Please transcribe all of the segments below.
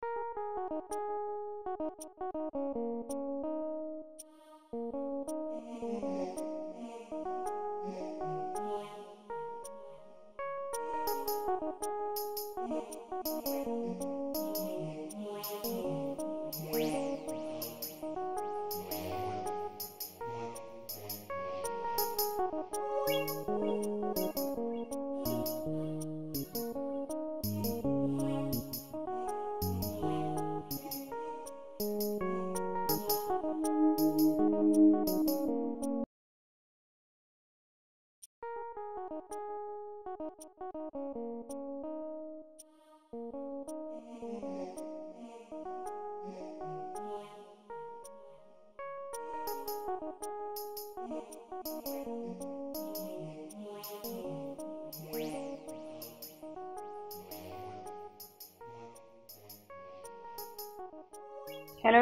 Thank you.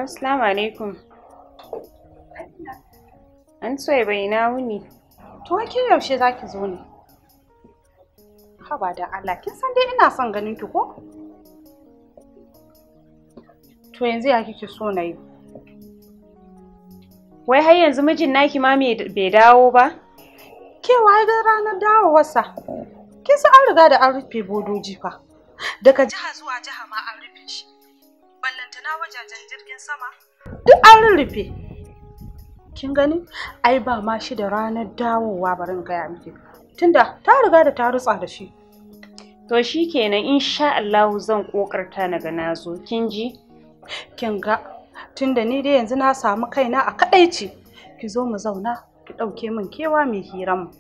Assalamu alaikum. An soya bai na wuni. To ke yaushe za ki zo ne? Haba da Allah, kin san dai ina son ganin ki ko? To yanzu ya kike so na yi? Wai har yanzu mijin naki ma bai dawo ba? Ke waye da ranar dawowarsa? Kin san an riga da an rufe bodoji fa. Daga jihar rufe? kin gani ai ba ma shi da ranar dawowa in gaya miki tunda ta riga da ta rutsa da shi to shi kenan insha Allah zan kokarta na ga nazo kin ji kin ga tunda ni dai yanzu na samu kaina a kadaici ki zo mu zauna ki dauke min kewa mai hiran mu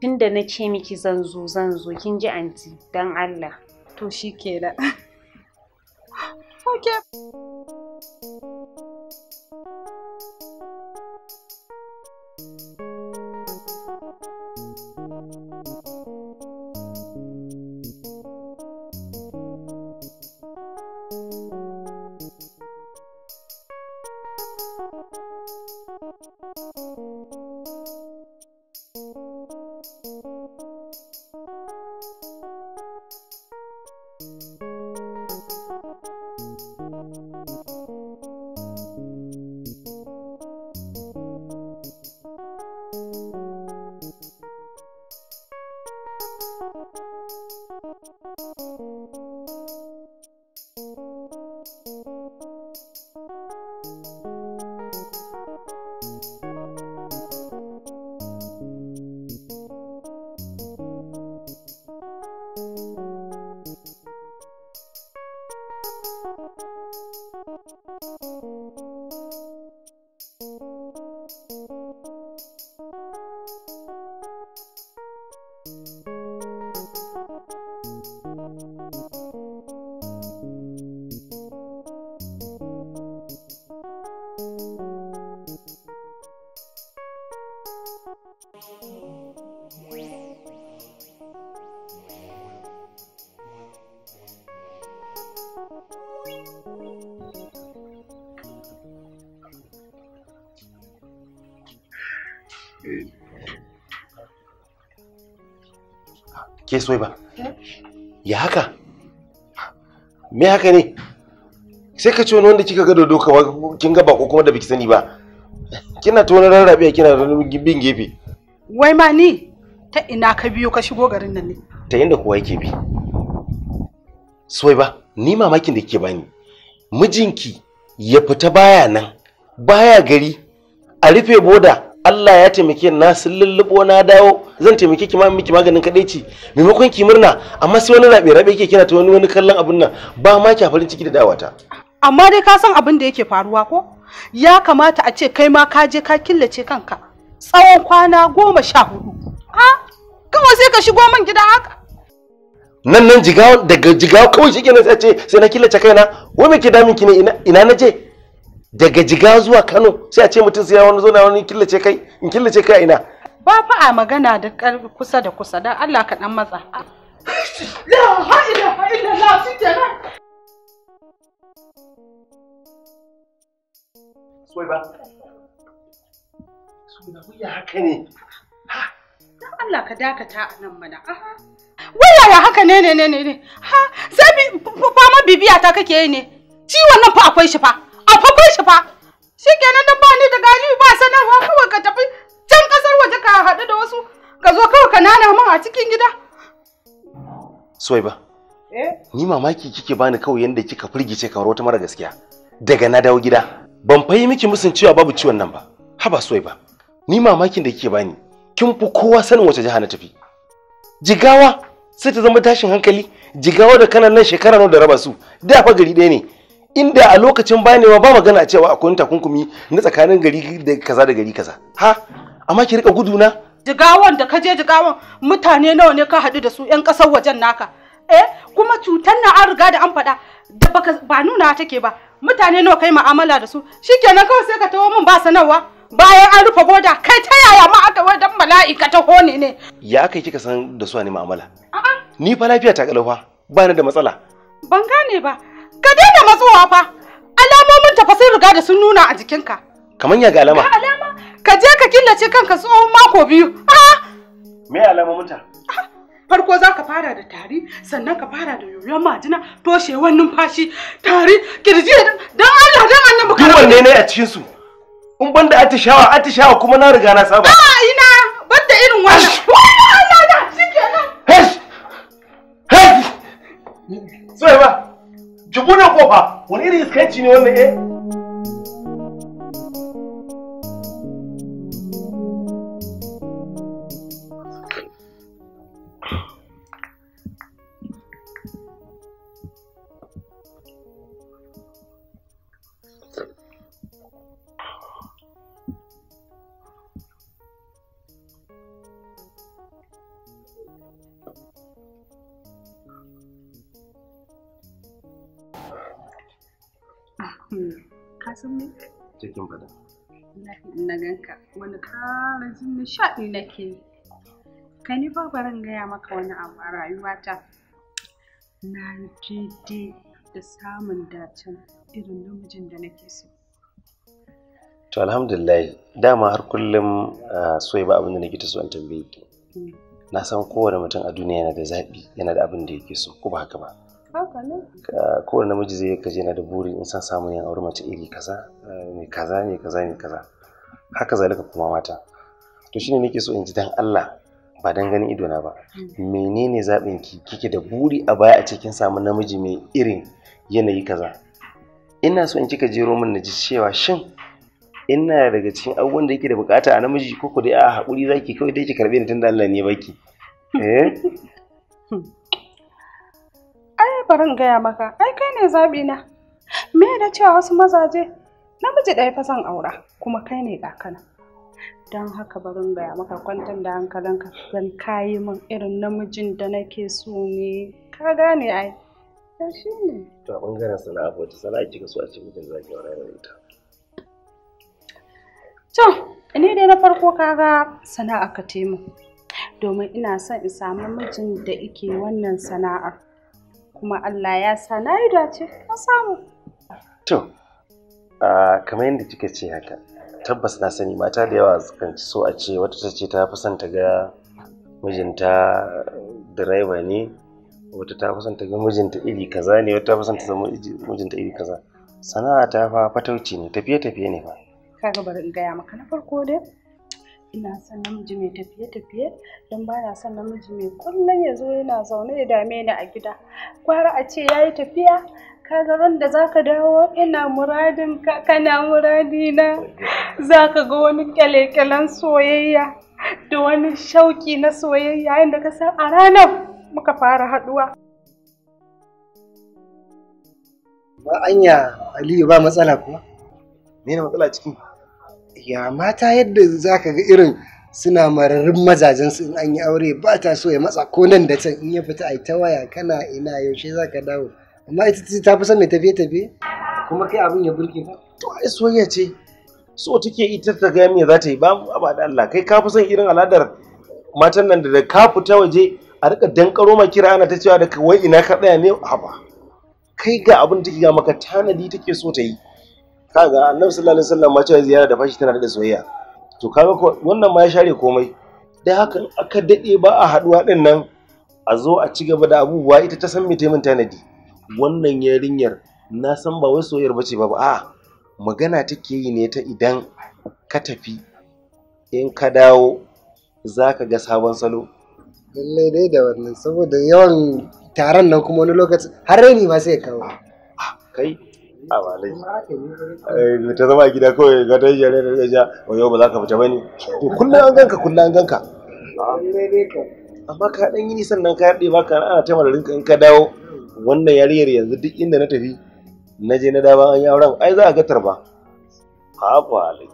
tunda na ce miki zan zo zan zo kin ji anti dan Allah to shi kenan okay ke so ba ya haka me haka ne sai ka ce wani wanda kika ga doka kawai kin ga bako kuma da biki sani ba kina ta wani rarrabe kina bin gefe wai ma ni ta ina ka biyo ka shigo garin nan ne ta inda kowa yake bi soyi ba ni mamakin da kike bani mijinki ya fita baya nan baya gari a rufe boda Allah ya taimake na sun lullubo na dawo zan taimake ki ma miki maganin ci maimakon ki murna amma sai wani rabe rabe yake kina ta wani wani kallon abun nan ba ma ki farin ciki da dawata amma dai ka san abin da yake faruwa ko ya kamata a ce kai ma ka je ka killace kanka tsawon kwana goma sha hudu a kawai sai ka shigo man gida haka nan nan jigawa daga jigawa kawai shi kenan sai ce sai na killace kaina wai me ke damin ki ne ina na je daga jiga zuwa kano sai a ce mutum sai wani zo na wani killace kai in killace kai ina ba fa a magana da kusa da kusa dan Allah ka dan matsa la ilaha illallah shikenan soyi ba suna haka ne ha dan Allah ka dakata a nan mana aha wayaya haka ne ne ne ne ha sai fama bibiya ta kake yi ne ciwon nan fa akwai shi fa fafin shi fa shi kenan dan ba ni da gani ba sanarwa kawai ka tafi can kasar waje ka haɗu da wasu ka zo kawai ka nana min a cikin gida Suwaiba eh? ni mamaki kike bani kawai yanda kika firgice kamar wata mara gaskiya daga na dawo gida ban fayi miki musun cewa babu ciwon nan ba haba Suwaiba ni mamakin da kike bani kin fi kowa sanin wace jiha na tafi jigawa sai ta zama tashin hankali jigawa da kananan shekara nawa da raba su da fa gari ɗaya ne inda a lokacin bayanewa ba magana cewa akwai takunkumi na tsakanin gari da kaza da gari kaza ha amma ki rika na. jigawan da kaje jigawan mutane nawa ne ka haɗu da su yan ƙasar wajen naka eh kuma cutar na an riga da an faɗa da baka ba nuna take ba mutane nawa kai ma'amala da su shikenan kawai sai ka tawo min ba sanarwa bayan an rufe boda kai ta yaya ma aka wai dan mala'ika ta hone ne ya kai kika san da su ne mu'amala a'a ni fa lafiya ta kalau fa ba da matsala ban gane ba Ka daina matsowa fa. Alamomin ta fa sun riga da sun nuna a jikinka. Kaman ya ga alama. Ga alama. Ka je ka killace kanka tsawon mako biyu. Ah! Me alamomin ta? Ah! Farko za ka fara da tari, sannan ka fara da yoyon majina, toshewar numfashi, tari, kirji, don Allah don annabi ka rabu. ne ne a cikin su? In ban da atishawa, atishawa kuma na riga na saba. A ah, ina, ban da irin wannan. Hesh. Hesh. Sai ba. ki buɗe kofa wani catching iskanci ne wannan eh san me cikin fada na ganka wani ƙara jin nishaɗi nake ka ni ba barin gaya maka wani abu a rayuwata na daidai da samun dace irin namijin da nake so to alhamdulillah dama har kullum soyi ba abin da nake ta so an tambaye ki mm. na san kowane mutum a duniya yana da zaɓi yana da abin da yake so ko ba haka ba kowane namiji zai kaje na da buri in san samun yan aure mace iri kaza ne eh, kaza ne kaza ne kaza haka zalika kuma mata to shine nake so in ji dan Allah ba dan ganin ido na ba hmm. menene zaɓin ki kike da buri a baya a cikin samun namiji mai irin yanayi kaza ina so in kika jero min na ji cewa shin ina daga cikin abubuwan da yake da bukata a namiji ko ku dai a hakuri zaki kawai dai ki karbe ni tunda Allah ne baki eh hmm. bari in gaya maka, ai kai ne zaɓi na. Me da cewa wasu mazaje namiji ɗaya fa son aura kuma kai ne kana Don haka bari in gaya maka kwantar da hankalinka zan kayi min irin namijin da nake so ne. Ka gane ai. Ta shi ne. To a ɓangaren sana'a ko ta sana'a kika so a cikin mutum zaki aura da ita. To, ni dai na farko ka ga sana'a ka taimu. Domin ina son in samu mijin da ike wannan sana'ar. kuma Allah ya sa na yi dace na samu. To, kamar yadda kika ce haka, tabbas na sani mata da yawa kan so a ce wata ta ce ta fi son ta ga mijinta direba ne, wata ta fi son ta ga mijinta iri kaza ne, wata ta fi son ta zama mijinta iri kaza. Sana'a ta fa fatauci ne, tafiye-tafiye ne fa. Kaga bari in gaya maka na farko dai. ina son namiji mai tafiye-tafiye don ba na son namiji mai kullum ya zo yana zaune ya dame ni a gida kwara a ce ya yi tafiya ka ga ran da zaka dawo ina muradin ka kana muradina zaka ga wani kyalekyalen soyayya da wani shauki na soyayya yadda ka san a ranar muka fara haduwa ba anya aliyu ba matsala kuma me ne matsala cikin ya mata yadda za ka ga irin suna mararin su in an yi aure ba ta so ya matsa ko nan da can in ya fita ai ta waya kana ina yaushe za ka dawo amma ita ce ta fi son mai tafiye-tafiye kuma kai abin ya burge ta to ai soyayya ce so take ita ta ga me za ta yi ba aba da Allah kai ka fi son irin al'adar matan nan da ka fita waje a rika dankaro ma kira ana ta cewa da wai ina ka tsaya ne haba kai ga abin take ga maka tanadi take so ta yi kaga annabi sallallahu alaihi wasallam ma cewa ziyara da fashi tana da soyayya to kaga wannan ma ya share komai dai hakan aka dade ba a haduwa din nan a zo a ci gaba da abubuwa ita ta san me ta min tanadi wannan yarinyar na san ba wai soyayyar bace ba ba a magana take yi ne ta idan ka tafi in ka dawo za ka ga sabon salo lallai dai da wannan saboda yawan taron nan kuma wani lokaci, har raini ma sai kawo kai a walai eh, ta zama a gida kawai ga ta jere da ya wa yau ba za ka fita bane to kullum an ganka kullum an ganka amma ka dan yi nisan nan ka yaɗe baka ana ta mara rinka in ka dawo wannan yariyar yanzu duk inda na tafi na je na dawo an yi auren ai za a ga tarba ha walai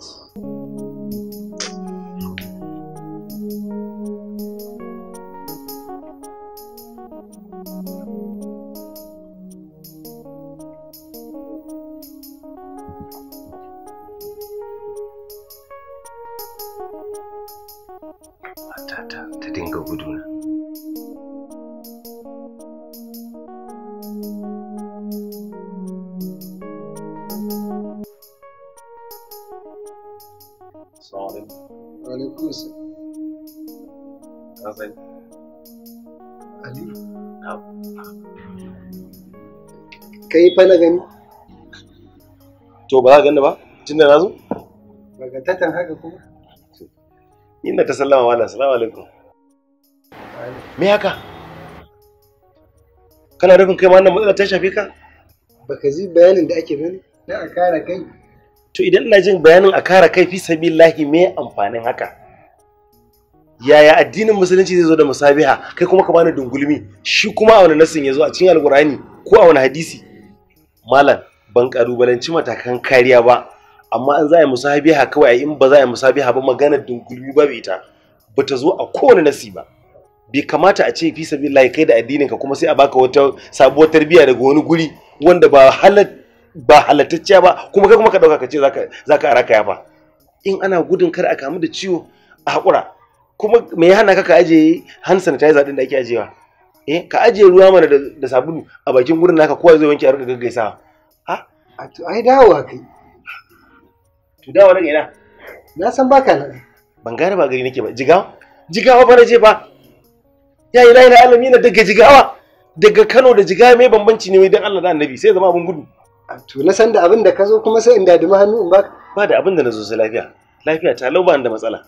matata ta dinga guduna Kai fa na gani? To ba za ka gani ba? Tun da na zo? Ba tattan haka kuma? Ina ta sallama wala, salamu alaikum. Me haka? Kana rufin kai wannan matsala ta shafe ka? Baka ji bayanin da ake bane na a kare kai. To idan ina jin bayanin a kara kai fi sabilillahi me amfanin haka? Yaya addinin musulunci zai zo da musabiha kai kuma ka bani dungulmi shi kuma a wani nasin ya zo a cikin alkurani ko a wani hadisi malam ban kalubalanci matakan kariya ba amma in za a yi musabiha kawai in ba za a yi musabiha ba magana dungulmi ba ita ba ta zo a kowane nasi ba bai kamata a ce fi lai kai da addinin ka kuma sai a baka wata sabuwar tarbiyya daga wani guri wanda ba halat ba halattacciya ba kuma kai kuma ka dauka ka ce zaka zaka araka ba. in ana gudun kar a kamu da ciwo a hakura kuma me ya hana ka ka aje hand sanitizer din da ake ajewa eh ka aje ruwa mana da sabulu a bakin gurin naka kowa zai wanke a rika gaggaisawa ah, a ai dawo kai to dawa daga ina na san baka nan ban gane ba gari nake ba jigawa jigawa ba na je ba ya ila na alami na daga jigawa daga Kano da jigawa mai bambanci ne mai dan Allah da Annabi sai zama abun gudu to na san da abin da ka zo kuma sai in dadima hannu in baka ba da abin da na zo sai lafiya lafiya ta lau ba da matsala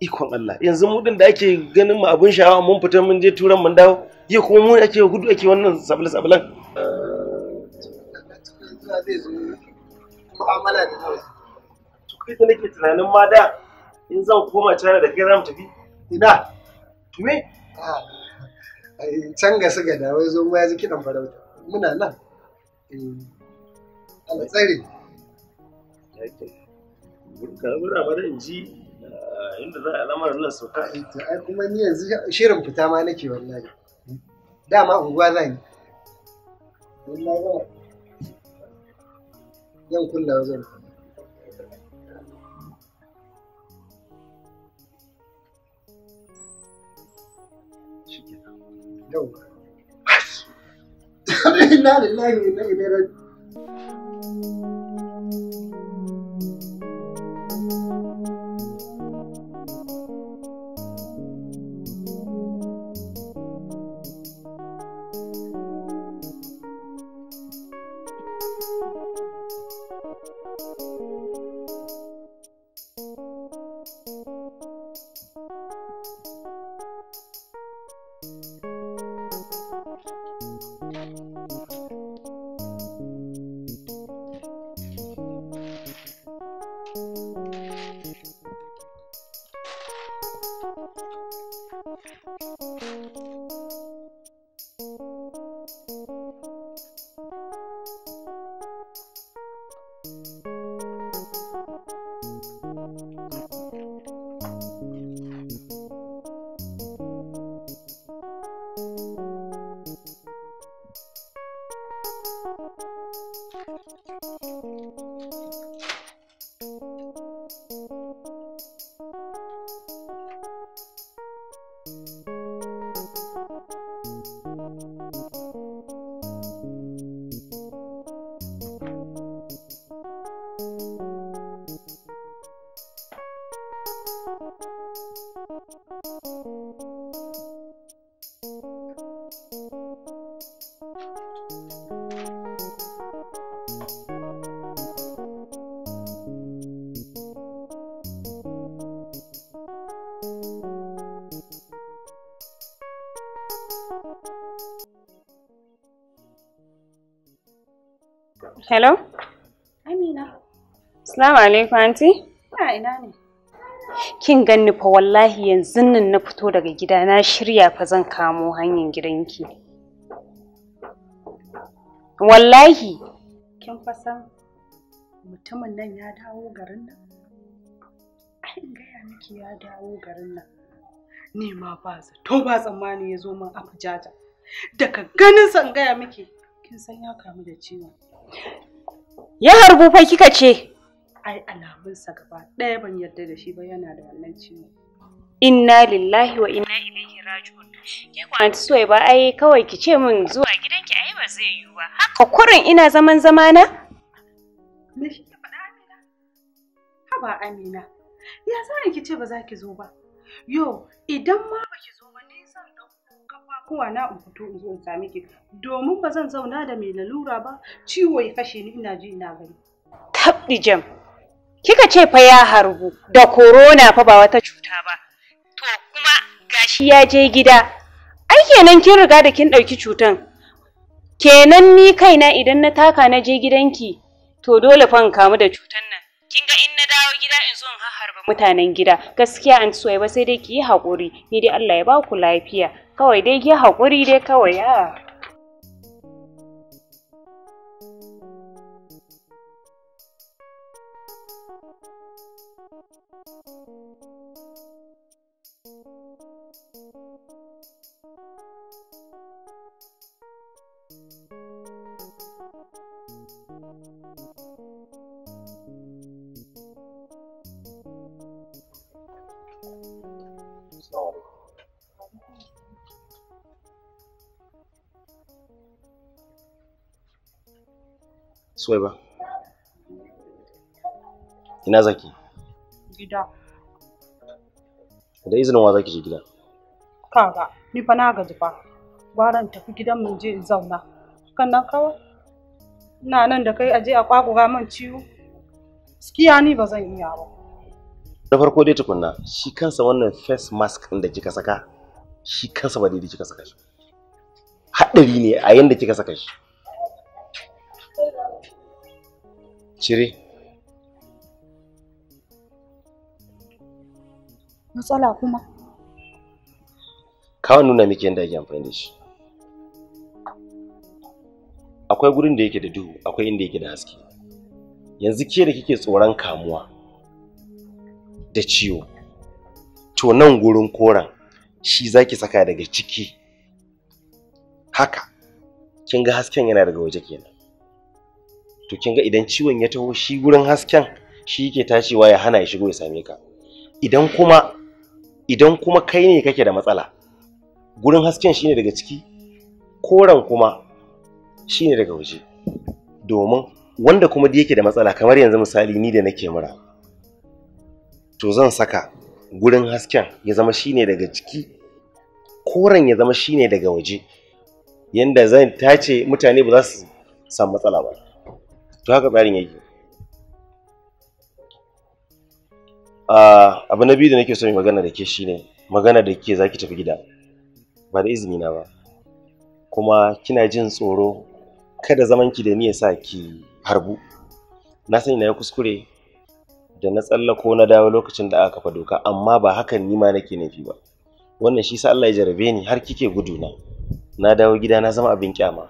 ikon Allah yanzu mu din da ake ganin mu abun sha'awa mun fita mun je turan mun dawo yau kuma mu ake gudu ake wannan sabulan eh, sabulan mu'amala da kawai duk nake tunanin ma da in zan koma China da kai za mu tafi ina Me? Ah, can ga su ga da wai zo ya ji kiɗan farauta muna nan eh, ala tsare muna ba in ji ah, inda za a lamar nan sauka ai kuma ni yanzu shirin fita ma nake wallahi dama unguwa zan yi. wallahi ba yan kullawa zan fita shi ke yau na lillahi na Hello? Amina. Assalamu alaikum aunty. Ina ina ne? Kin ganni fa wallahi yanzu nan na fito daga gida na shirya fa zan kamo hanyar gidanki. Wallahi kin fa san mutumin nan ya dawo garin nan? Ai gaya miki ya dawo garin nan. Ni ma ba zato ba tsammani ya zo min Abuja Daga ganin san gaya miki kin san ya kamu da ciwon. Ya harbu fa kika ce? Ai alamunsa gaba ɗaya ban yarda da shi ba yana da wannan ciwo. Inna lillahi wa inna ilaihi raji'un. Ke kwanci soyayya ba ai kawai ki ce min zuwa gidanki ai ba zai yiwu ba. Haka kurin ina zaman zamana? Me shi ke faɗa Amina? Haba Amina. Ya sani ki ce ba za ki zo ba? Yo, idan ma kowa na in fito in zo in same ki domin ba zan zauna da mai lalura ba ciwo ya kashe ni ina ji ina gani Tabbi jam kika ce fa ya harbu da corona fa ba wata cuta ba to kuma gashi ya je gida ai kenan kin riga da kin ɗauki cutan kenan ni kaina idan na taka na je gidanki to dole fa in kamu da cutan nan kin in dawo gida in zo in harba mutanen gida gaskiya an ba sai dai ki yi haƙuri ni dai Allah ya ba ku lafiya kawai dai ki haƙuri dai kawai ya? Ah. Suwai ba. Ina zaki? Gida. Da izinin wa zaki je gida? Kaga, ni fa na gaji fa. Gwaran tafi gidan mu je in zauna. Kan nan kawai. Ina nan da kai aje a kwakura man ciwo. Skiya ni ba zan iya ba. Da farko dai tukunna, shi kansa wannan face mask ɗin da kika saka, shi kansa ba dai-dai kika saka shi. Haɗari ne a yanda kika saka shi. Cire. Matsala kuma. nuna miki yadda ake amfani da shi. Akwai gurin da yake da duhu, akwai inda yake da haske. Yanzu ke da kike tsoron kamuwa da ciwo, to nan gurin koren shi zaki saka daga ciki. Haka, kin ga hasken yana daga waje kenan. to kin ga idan ciwon ya taho shi gurin hasken shi yake tashiwa ya hana ya shigo ya same ka idan kuma idan kuma kai ne kake da matsala gurin hasken shine daga ciki koren kuma shine daga waje domin wanda kuma da yake da matsala kamar yanzu misali ni da nake mura to zan saka gurin hasken ya zama shine daga ciki koren ya zama shine daga waje yanda zan tace mutane ba za su san matsala ba to haka tsarin yake abu na biyu da nake so mai magana da ke shine magana da ke zaki tafi gida ba da izini na ba kuma kina jin tsoro kada zaman ki da ni ya sa ki harbu na sani na ya kuskure da na tsallako na dawo lokacin da aka kafa doka amma ba hakan ni ma nake nufi ba wannan shi sa Allah ya jarabe ni har kike guduna na dawo gida na zama abin kyama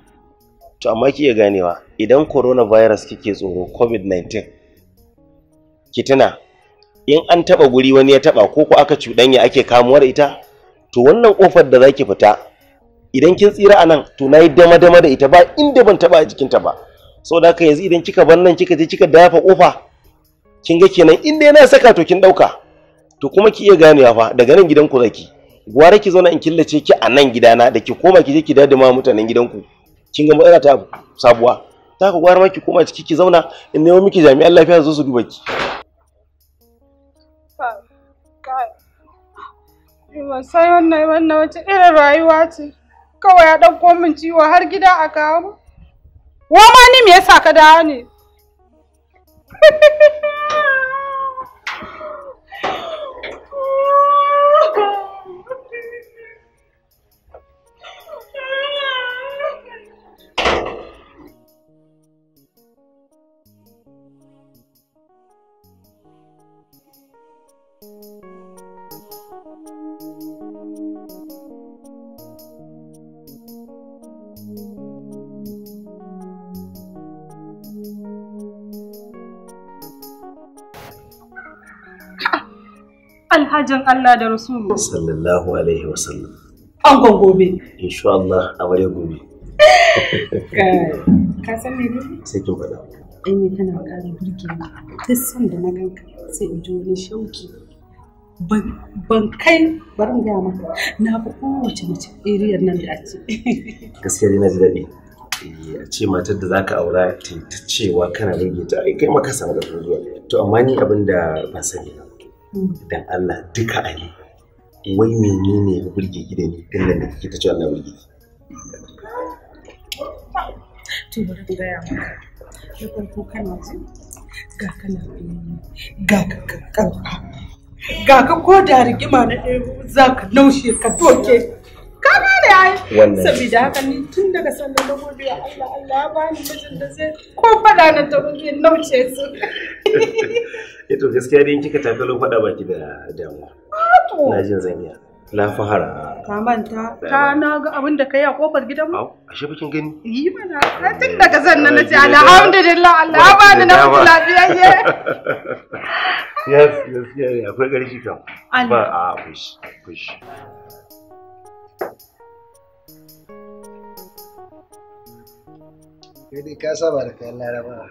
to amma ki iya ganewa idan coronavirus kike tsoro covid-19 ki tuna in an taba guri wani ya taba ko ko aka cuɗanya ake kamuwar ita to wannan kofar da zaki fita idan kin tsira a nan to nayi dama dama da ita ba inda ban taba a jikinta ba saboda haka yanzu idan kika bar nan kika je kika dafa kofa kin ga kenan inda yana saka to kin dauka to kuma ki iya ganewa fa daga nan gidan ku zaki gwara ki zauna in killace ki a nan gidana da ki koma ki je ki dadima mutanen ku. kin ga matsala ta sabuwa ta ka gwara maki koma ciki ki zauna in nemo miki jami'an lafiya zo su duba ki sai wannan wannan wace irin rayuwa ce kawai ya ɗauko min ciwo har gida a kawo wa ma ni me yasa ka dawo ne manhajin Allah da Rasulu. Sallallahu Alaihi Wasallam. Angon gobe. Insha Allah a ware gobe. Ka san me ne? Sai kin faɗa. Ɗanye tana ƙara burge ni. Duk san da na ganka sai in ji wani shauki. Ban kai bari mu gaya maka na fi kowace mace iriyar nan da ake. Gaskiya dai na ji daɗi. Eh, a ce matar da za ka aura ta cewa kana rage ta kai maka samu da zuwa to amma ni abin da ba sani ba idan Allah duka a ne wai ne ya burge gida ne ni din nan da kike ta cewa Allah burge ki to bari ku ga gaya maka na farko kana ji ga kana ga ka ka ga ka ko da rigima na ɗaya za ka naushe ka doke kana yayi saboda haka ni tun daga sannan na gobe Allah Allah ba ni mijin da zai ko fada na ta gobe nauce su to gaskiya dai kika tafi lo fada baki da damu, ah, na jin zan na fahara ka manta ka na ga abin da kai a kofar gidan mu ashe bikin gani yi mana tun daga sannan na ce alhamdulillah Allah ba ni na mutu lafiyayye yes yes yeah akwai garshi kam ba a ah, push push kai dai ka laraba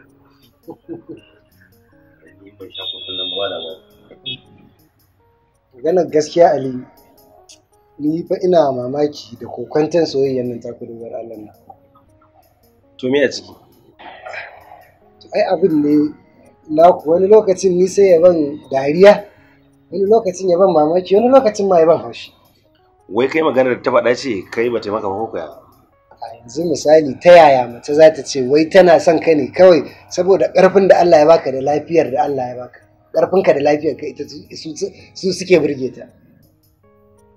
maganar gaskiya ali ni fa ina mamaki da kokwanton soyayyar nan taku dogar allah na to me a ciki ai abin ne na wani lokacin ni sai ya ban dariya wani lokacin ya ban mamaki wani lokacin ma ya ban haushi wai kai maganar ta faɗa ce kai ba taimaka ba ko yanzu misali ta yaya mace za ta ce wai tana son ka ne kawai saboda ƙarfin da Allah ya baka da lafiyar da Allah ya baka ka da lafiyar ka ita su suke burge ta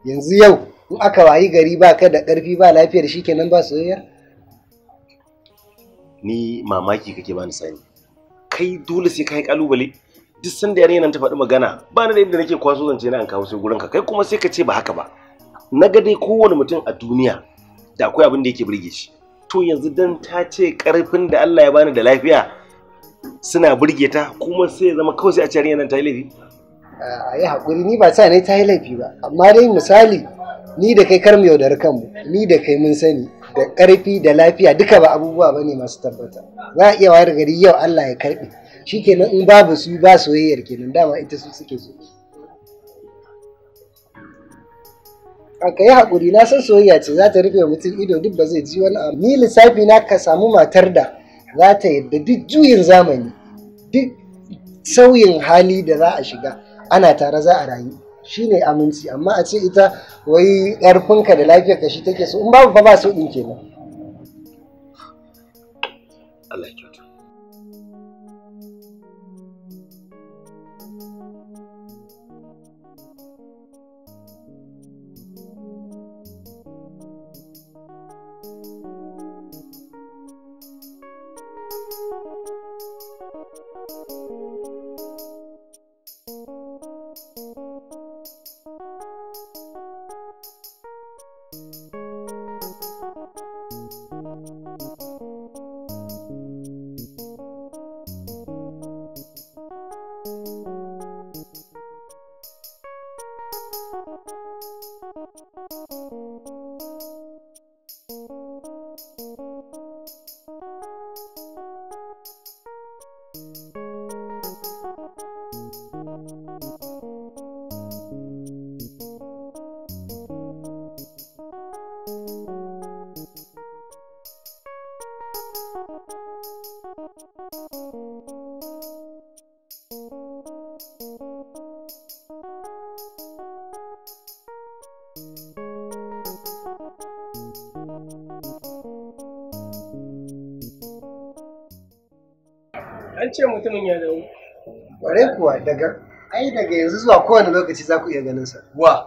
yanzu yau in aka wayi gari ba ka da ƙarfi ba lafiyar shi kenan ba soyayya ni mamaki kake bani sani kai dole sai kai kalubale duk sanda yare nan ta faɗi magana ba ni da inda nake kwaso zance na an kawo sai gurin ka kai kuma sai ka ce ba haka ba na ga dai kowane mutum a duniya da akwai abin da yake burge shi to yanzu dan ta ce karfin da Allah ya bani da lafiya suna burge ta kuma sai ya zama kawai sai a ce yarinya ta yi laifi a yi haƙuri ni ba sa ne ta yi laifi ba amma dai misali ni da kai kar mu yaudari kanmu ni da kai mun sani da karfi da lafiya duka ba abubuwa ba ne masu tabbata za a iya wayar gari yau Allah ya karbi shikenan in babu su ba soyayyar kenan dama ita su suke so a ka yi haƙuri na san soyayya ce za ta rufe mutum ido duk ba zai ji wani abu ni lissafi na ka samu matar da za ta yadda duk juyin zamani duk sauyin hali da za a shiga ana tare za a rayu shi ne aminci amma a ce ita wai ƙarfinka da lafiyar ka shi take so in babu fa ba so ɗin kenan Allah daga ai daga yanzu zuwa kowane lokaci za ku iya ganin sa wa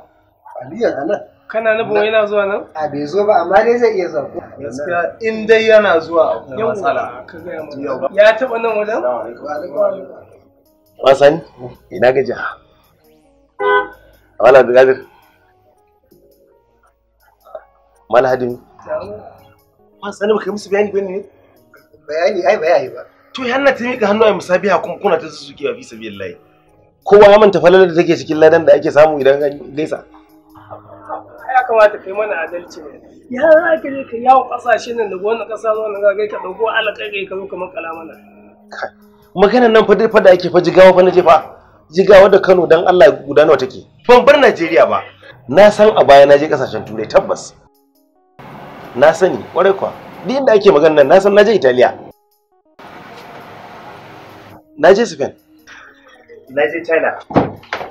aliyan anan kana nufin yana zuwa nan a bai zo ba amma dai zai iya zuwa gaskiya in dai yana zuwa da matsala ya taba nan wajen wasan ina gaji wala gadir malhadin wasan ba kai musu bayani ne bayani ai bayani ba to yi hannun ta miƙa hannu a musabiha kuma kuna ta suke wa fi sabilillahi ko ba manta falalar da take cikin ladan da ake samu idan gaisa ya kamata kai mana adalci ne ya za ka je ka yawo kasashe nan da wannan kasa zuwa nan zaka ka dauko alaƙa kai ka zo kamar kalamana maganar nan fa fa da ake fa jigawa fa na fa jigawa da Kano dan Allah guda nawa take ban bar Najeriya ba na san a baya na je kasashen turai tabbas na sani kwarai kwa duk inda ake magana nan na san na je Italiya Na je Spain. Na je China.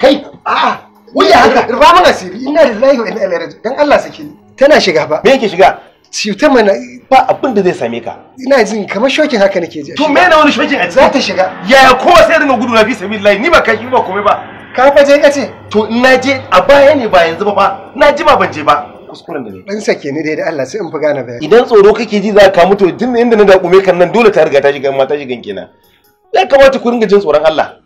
Kai, a'a, wuya haka, rufa mana asiri, ina da lahi wa ina ilaihi dan Allah sake ni. Tana shiga ba. Me yake shiga? Cutar mana ba abin da zai same ka. Ina jin kamar shokin haka nake ji. To me na wani shokin a Za ta shiga. Yaya kowa sai dinga gudu na fi sabilillahi ni ba kai ba komai ba. Ka fa je kace? To ina je a baya ne ba yanzu ba fa. Na ji ba ban je ba. kuskuren da ne. Dan sake ni dai da Allah sai in fi gane bayani. Idan tsoro kake ji za ka mutu tun inda na kume kan nan dole ta riga ta shiga ma ta shigan kenan. ya kamata ku ringa jin tsoron Allah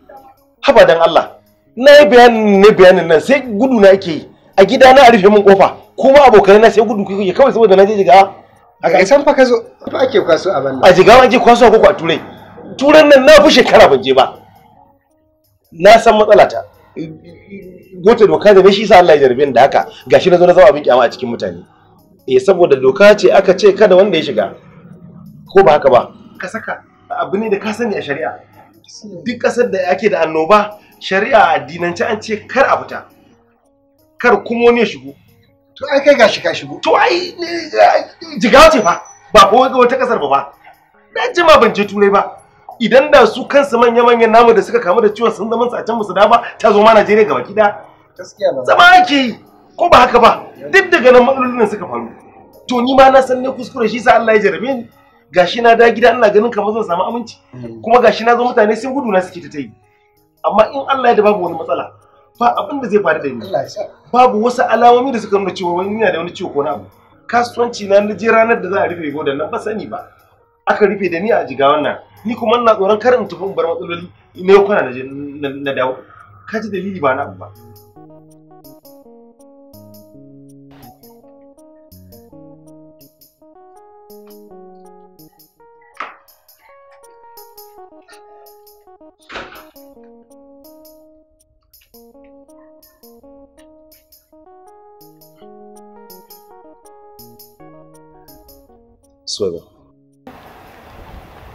haba dan Allah na yi bayanin ne bayanin nan sai gudu na ake yi a gida na a rufe min kofa kuma abokai na sai gudu kuke kawai saboda na je jiga a ga isan fa ka zo fa ake kwaso a banna a jiga ake kwaso ko a turai turan nan na fi shekara ban je ba na san matsalata gote doka da shi sa Allah ya jarbe da haka gashi na zo na zama abin kyama a cikin mutane eh saboda doka ce aka ce kada wanda ya shiga ko ba haka ba ka saka abu ne da ka sani a shari'a duk ƙasar da ake da annoba shari'a addinance an ce kar a fita kar kuma wani shigo to ai kai gashi ka shigo to ai eh, jiga ce fa ba ko wata ƙasar ba ba na jima ban je turai ba idan da su kansu manya-manyan namu da suka kamu da ciwon sun zama a can musu da ba ta zo ma Najeriya gaba gida zama ake ko ba haka ba duk daga nan matsalolin suka faru to ni ma na san ne kuskure shi sa Allah ya jarabe ni gashi na da gida ina ganin kamar zan samu aminci hmm. kuma gashi na zo mutane sun gudu na suke ta yi amma in Allah ya da babu wani matsala ba abin da zai faru da ni babu wasu alamomi da suka nuna cewa wani yana da wani ciwo ko na abu kasuwanci na na je ranar da za a rufe godan nan ba sani ba aka rufe da ni a jiga wannan ni kuma ina tsoron kar in tafi in bar matsaloli ne kwana na dawo ka ji dalili ba na abu ba so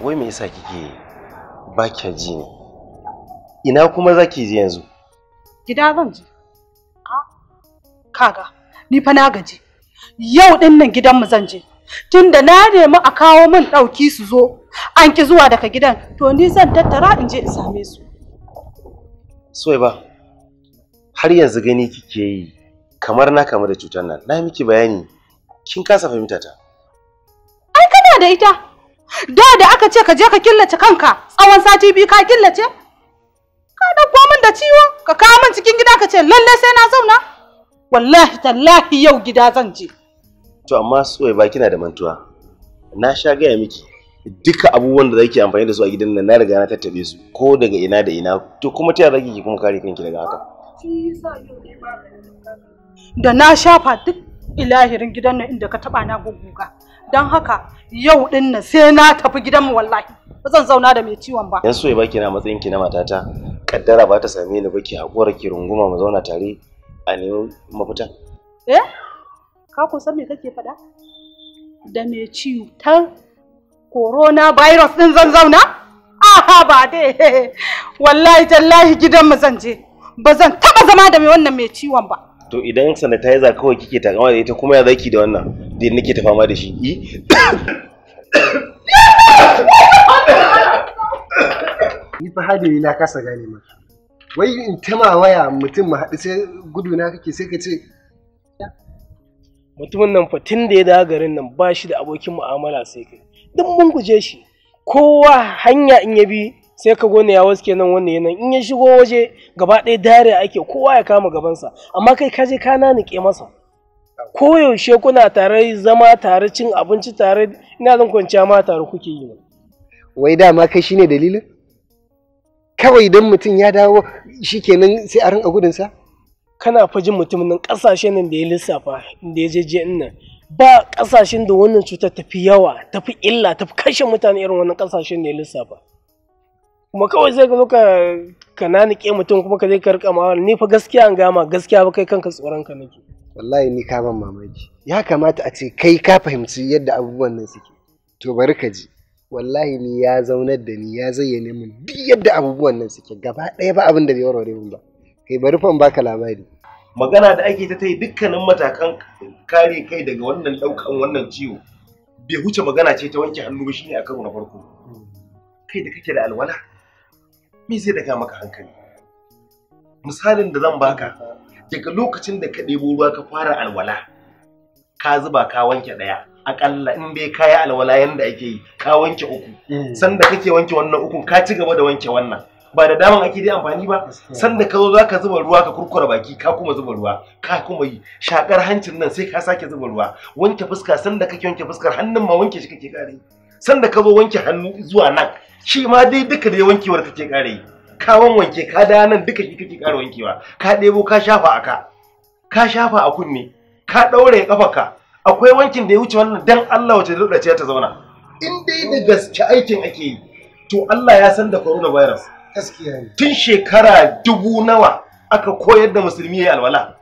wai me yasa kike ba kya ji ne ina kuma za ki je yanzu gida zan je ah, kaga ni fa na gaji yau din nan gidanmu zan je tunda na nemi a kawo min ɗauki su zo an ki zuwa daga gidan to ni zan tattara in je in same su soyi ba har yanzu gani kike yi kamar na kamu da cutar nan na miki bayani kin kasa fahimta ta kana da ita da da aka ce ka je ka killace kanka tsawon sati biyu ka killace ka dauko min da ciwo ka kawo min cikin gida ka ce lalle sai na zauna wallahi tallahi yau gida zan je to amma soyayya ba kina da mantuwa na sha gaya miki duka abubuwan da zaki amfani da su a gidan nan na riga na tattabe su ko daga ina da ina to kuma ta da ki kuma kare kanki daga haka da na shafa duk ilahirin gidan nan inda ka taba na guguga don haka yau din nan sai na tafi gidanmu wallahi ba zan zauna da mai ciwon ba yan soyayya ya baki na matsayin ki na matata kaddara ba ta same ni ba ki hakura ki runguma mu zauna tare a nemi mafita eh ka ku san me kake faɗa da mai cutar corona virus din zan zauna aha ba dai wallahi tallahi gidanmu zan je ba zan taba zama da mai wannan mai ciwon ba to idan sanitizer kawai kike takama da ita kuma ya zaki da wannan da nake ta fama da shi yi fa hadi na kasa gane ma wai in tama waya mutum ma haɗu sai gudu na kake sai ka ce mutumin nan fa tun da ya dawo garin nan ba shi da abokin mu'amala sai kai duk mun guje shi kowa hanya in ya bi sai ka gone ya waske nan wanda yanan in ya shigo waje gaba ɗaya dare ake kowa ya kama gabansa amma kai ka je ka nanike masa koyaushe kuna tare zama tare cin abinci tare ina zan kwanciya ma tare kuke yi wai dama kai shine dalilin kawai idan mutum ya dawo shi shikenan sai a rinka gudunsa kana fa jin mutum nan kasashe nan da ya lissafa da ya je nan ba kasashen da wannan cutar tafi yawa tafi illa tafi kashe mutane irin wannan kasashen da ya lissafa kuma kawai sai ka zo ka nanike mutum kuma ka zai ka rika ma ni fa gaskiya an gama gaskiya ba kai kanka tsoron ka nake wallahi ni ka ban mamaki ya kamata a ce kai ka fahimci yadda abubuwan nan suke to bari ka ji wallahi ni ya zaunar da ni ya zayyane min duk yadda abubuwan nan suke gaba ɗaya ba abin da bai warware min ba kai bari fa in baka labari magana da ake ta tai dukkanin matakan kare kai daga wannan ɗaukan wannan ciwo bai huce magana ce ta wanke hannu ba shine a karo na farko kai da kake da alwala me zai daga maka hankali misalin da zan baka daga lokacin da ka ɗebo ruwa ka fara alwala ka zuba ka wanke ɗaya akalla in ka yi alwala yadda ake yi ka wanke uku mm. sanda kake wanke wannan uku ka ci gaba da wanke wannan ba da daman ake dai amfani ba sanda ka zo za ka zuba ruwa ka kurkura baki ka kuma zuba ruwa ka kuma yi shakar hancin nan sai ka sake zuba ruwa wanke fuska sanda kake wanke fuskar hannun ma wanke shi kake kare sanda ka zo wanke hannu zuwa nan shi ma dai duka dai wankewar kake kare yi ka wanwanke ka da nan duka shi kake ƙara wankewa ka ɗebo ka shafa aka, ka shafa a kunne ka ɗaure ƙafarka akwai wankin da ya wuce wannan dan Allah wace da ta zauna in dai da gaske aikin ake yi to Allah ya san da ne tun shekara dubu nawa aka koyar da musulmi ya alwala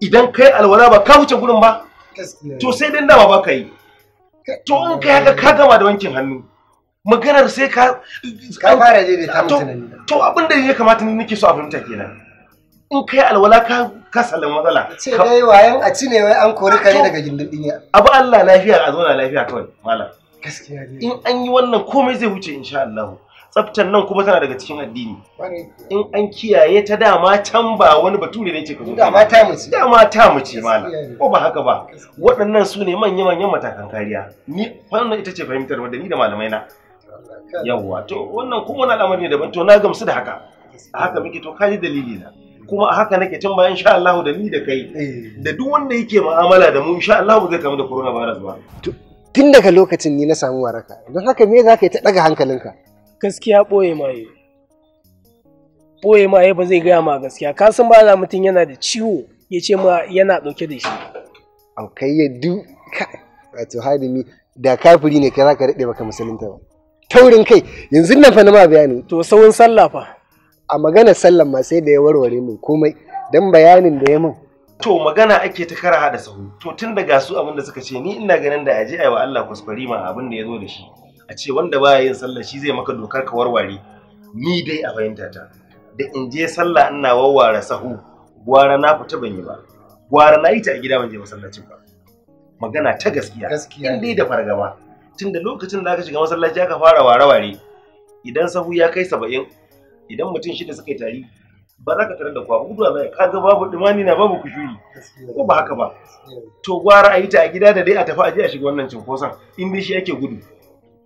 idan kai alwala ba ka wuce gurin ba to sai dai dama ba ka yi to in kai haka ka gama da wankin hannu maganar sai ka ka fara je da ta mutunani to abin da ya kamata ni nake so a fahimta kenan in kai alwala ka ka sallan matsala ce dai wayan a ci ne wai an kori kare daga gindin dinya abu Allah lafiya a zauna lafiya kawai malam gaskiya ne in an yi wannan komai zai wuce insha Allah tsaftar nan kuma tana daga cikin addini in an kiyaye ta dama can ba wani batu ne ce ka zo dama ta mace dama ta mace mala ko ba haka ba waɗannan su ne manya-manyan matakan kariya ni wannan ita ce fahimtar da ni da malamai na yawwa to wannan kuma wani al'amari daban to na gamsu da haka a haka muke to kaji dalili na kuma a haka nake tun bayan insha Allah da ni da kai eh. da duk wanda yake mu'amala da mu insha Allah zai kamu da virus ba tun daga lokacin ni na samu waraka don haka me zaka yi ta daga hankalinka gaskiya boye maye boye maye ba zai gaya ma gaskiya ka san ba za mutum yana da ciwo ya ce ma yana dauke da shi aukayya duk wato hadimi da kafiri ne kai zaka rade baka musulunta ba taurin kai yanzu nan fa na ma bayani to sauran sallah fa a magana sallan ma sai da ya warware min komai dan bayanin da ya mun to magana ake ta kara hada sahu to tun daga su abin da suka ce ni ina ganin da aje wa Allah kuskure ma abin da ya zo da shi a ce wanda baya yin sallah shi zai maka dokar ka warware ni dai a fahimta ta da in je sallah ina warware sahu gwara na fita ban yi ba gwara na yi ta a gida ban je masallacin ba magana ta gaskiya in dai da fargaba Da lokacin da aka shiga masallaci aka fara ware-ware idan sahu ya kai saba'in idan mutum shida suka yi tari ba za ka tare da kuwa guduwa za ka ga babu dumani na babu kushuri ko ba haka ba to gwara a yi ta a gida da dai a tafi a je a shiga wannan cinkoson in dai shi yake gudu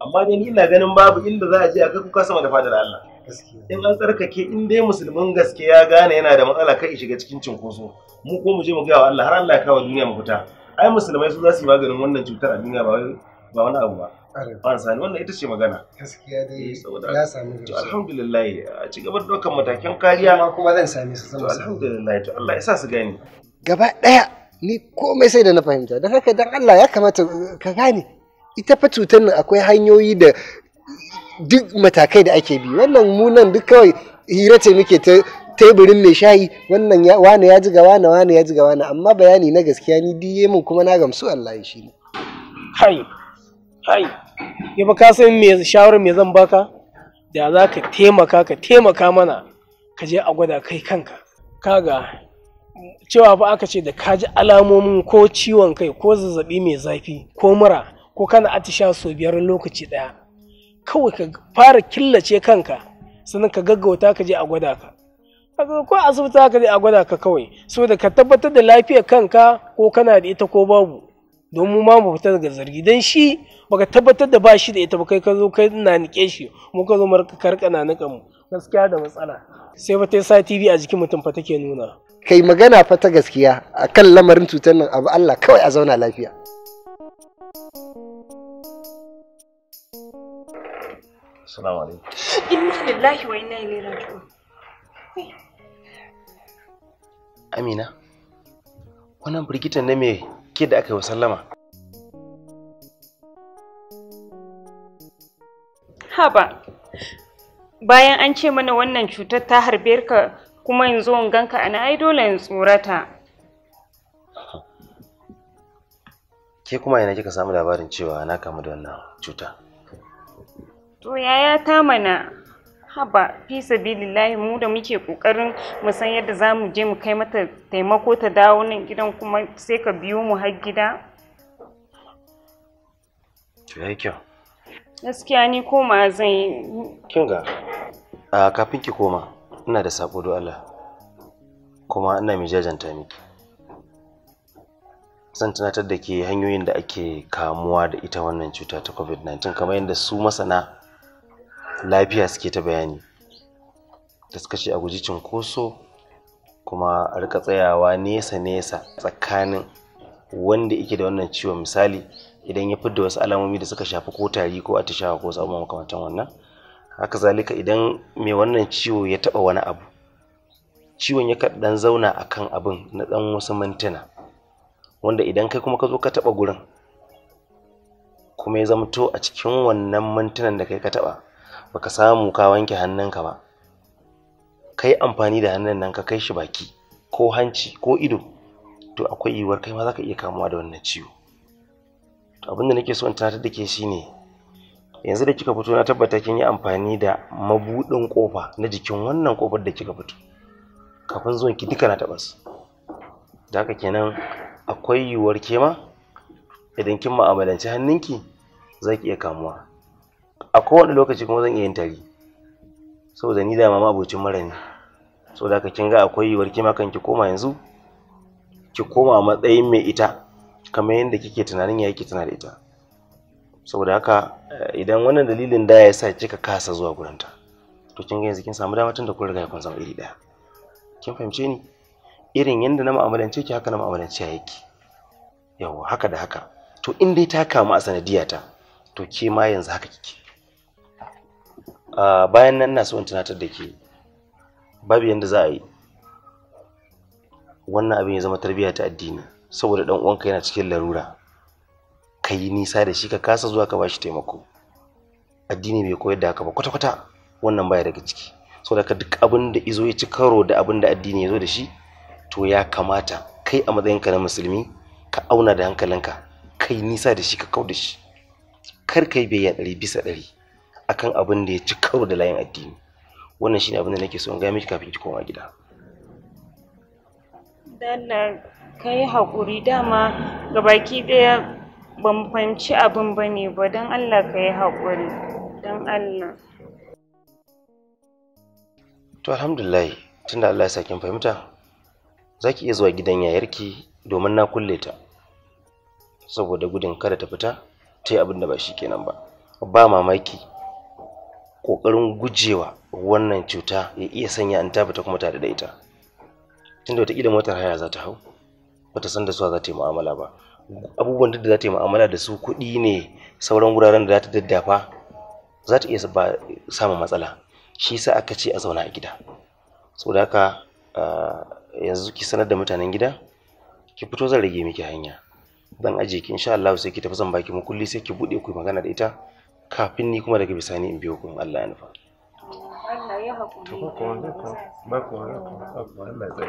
amma dai ni ina ganin babu inda za a je a kai kuka sama da fadar Allah in an tsarkake in dai musulmin gaske ya gane yana da matsala kai shiga cikin cinkoso mu ko mu je mu ga Allah har Allah ya kawo duniya mu fita ai musulmai su za su yi maganin wannan cutar a duniya ba ba wani abu ba an sani wannan ita ce magana gaskiya dai ya eh, sami to alhamdulillah a ci gaba da matakan kariya kuma zan sami su alhamdulillah to Allah ya sa su gani. gaba daya ni komai sai da na fahimta da haka dan Allah ya kamata ka gane ita fa cutar nan akwai hanyoyi da duk matakai da ake bi wannan munan duk kawai hira ce muke ta teburin mai shayi wannan wane ya jiga wane wane ya jiga wane amma bayani na gaskiya ni diye mun kuma na gamsu Allah ya shi ne kai ya ba kasan me shawarar me zan baka da za ka taimaka ka taimaka mana ka je a gwada kai kanka kaga cewa fa aka ce da ka ji alamomin ko ciwon kai ko zazzabi mai zafi ko mura ko kana atisha sau biyar lokaci ɗaya kawai ka fara killace kanka sannan ka gaggauta ka je a gwada ka ko asibiti ka je a gwada ka kawai saboda ka tabbatar da lafiyar kanka ko kana da ita ko babu don mu ma mu fita daga zargi don shi baka tabbatar da ba shi da ita ba kai ka zo kai na nike shi mu ka zo mu karka na nika mu gaskiya da matsala sai fa ta sa TV a jikin mutum fa take nuna kai magana fa ta gaskiya akan lamarin cutar nan abu Allah kawai a zauna lafiya Assalamu alaikum. Inna lillahi wa inna ilaihi raji'un. Amina, wannan birgitan na me ke da aka yi wa sallama haba bayan an ce mana wannan cutar ta harbe ka kuma yanzu in ganka ana ai dole in tsorata ke kuma yana kika samu labarin cewa na kamu da wannan cuta to yaya ta mana haba fi sabilillahi mu da muke kokarin mu san yadda za mu je mu kai mata taimako ta dawo nan gidan kuma sai ka biyo mu har gida to kyau gaskiya ni koma zan yi kin ga a kafin ki koma ina da sako do Allah kuma ina mai jajanta miki zan tunatar da ke hanyoyin da ake kamuwa da ita wannan cuta ta covid-19 kamar yadda su masana lafiya suke ta bayani da suka ce a guji cinkoso kuma a rika tsayawa nesa-nesa tsakanin wanda yake da wannan ciwon misali idan ya fidda wasu alamomi da suka shafi ko tari ko atishawa ko wasu makamantan wannan haka zalika idan mai wannan ciwo ya taba wani abu ciwon ya dan zauna a kan abin na ɗan wasu mintuna wanda idan kai kuma ka zo ka taɓa gurin kuma ya to a cikin wannan mintunan da kai ka taba baka samu ka wanke hannunka ba kai amfani da hannun nan ka kai shi baki ko hanci ko ido to akwai yiwuwar kai ma zaka iya kamuwa da wannan ciwo to abin da nake so in tunatar da ke shine yanzu da kika fito na tabbata kin yi amfani da mabudin kofa na jikin wannan kofar da kika fito kafin zuwan ki duka na taba su da haka kenan akwai yiwuwar ke ma idan kin ma'amalanci hannunki za ki iya kamuwa a kowane lokaci kuma zan iya yin tari saboda ni dama ma abocin mara ne saboda haka kin ga akwai yiwuwar kima kan ki koma yanzu ki koma matsayin mai ita kamar yadda kike tunanin ya yake tana da ita saboda haka eh, idan wannan dalilin da ya sa kika kasa zuwa gurinta to kin ga yanzu kin samu damar tunda kun riga kun zama iri daya kin fahimce ni irin yadda na mu'amalance ki haka na mu'amalance ya yake yawa haka da haka to in dai ta kamu a sanadiyata to ke ma yanzu haka kike bayan nan na so in tunatar da ke babu yadda za a yi wannan abin ya zama tarbiyya ta addini saboda dan uwanka yana cikin larura ka yi nisa da shi ka kasa zuwa ka bashi taimako addini bai koyar da haka ba kwata-kwata wannan baya daga ciki saboda ka duk abin da izo ya ci karo da abin da addini ya zo da shi to ya kamata kai a matsayinka na musulmi ka auna da hankalinka kai nisa da shi ka kau da shi kar kai bai ya ɗari bisa ɗari akan abin da ya ci karo da layin addini wannan shine abin da nake so in ga miki kafin ki koma gida dan na kai haƙuri dama gabaki ɗaya ban fahimci abin ba ba don allah ka hakuri haƙuri allah to alhamdulillah tunda allah ya sa kin fahimta zaki iya zuwa gidan yayarki domin na kulle ta saboda gudun kada ta fita ta yi abin da ba shi kenan ba ba mamaki ƙoƙarin gujewa wannan cuta ya iya sanya an ta kuma ta da ita tunda wataƙila motar haya za ta hau bata san da suwa za ta yi mu'amala ba abubuwan da za ta yi mu'amala da su kuɗi ne sauran wuraren da za ta daddafa za ta iya samun matsala shi sa aka ce a zauna a gida saboda haka yanzu ki sanar da mutanen gida ki fito zan rage miki hanya zan ajiye ki insha Allah sai ki tafi zan baki mu kulli sai ki bude ku magana da ita kafin ni kuma daga bisani in biyo ku in Allah ya nufa Allah ya hakuri ba ku ba ku ba ku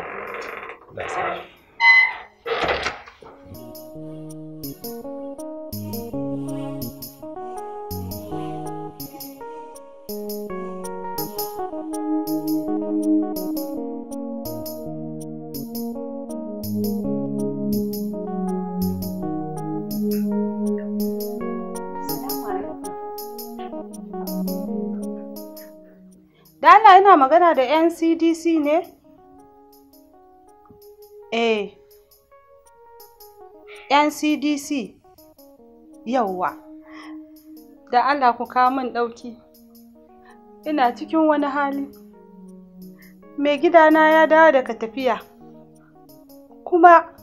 Dala ina magana da NCDC ne? Eh, NCDC yauwa. Da Allah ku kawo min ɗauki. Ina cikin wani hali. Mai gidana ya dawo daga tafiya. Kuma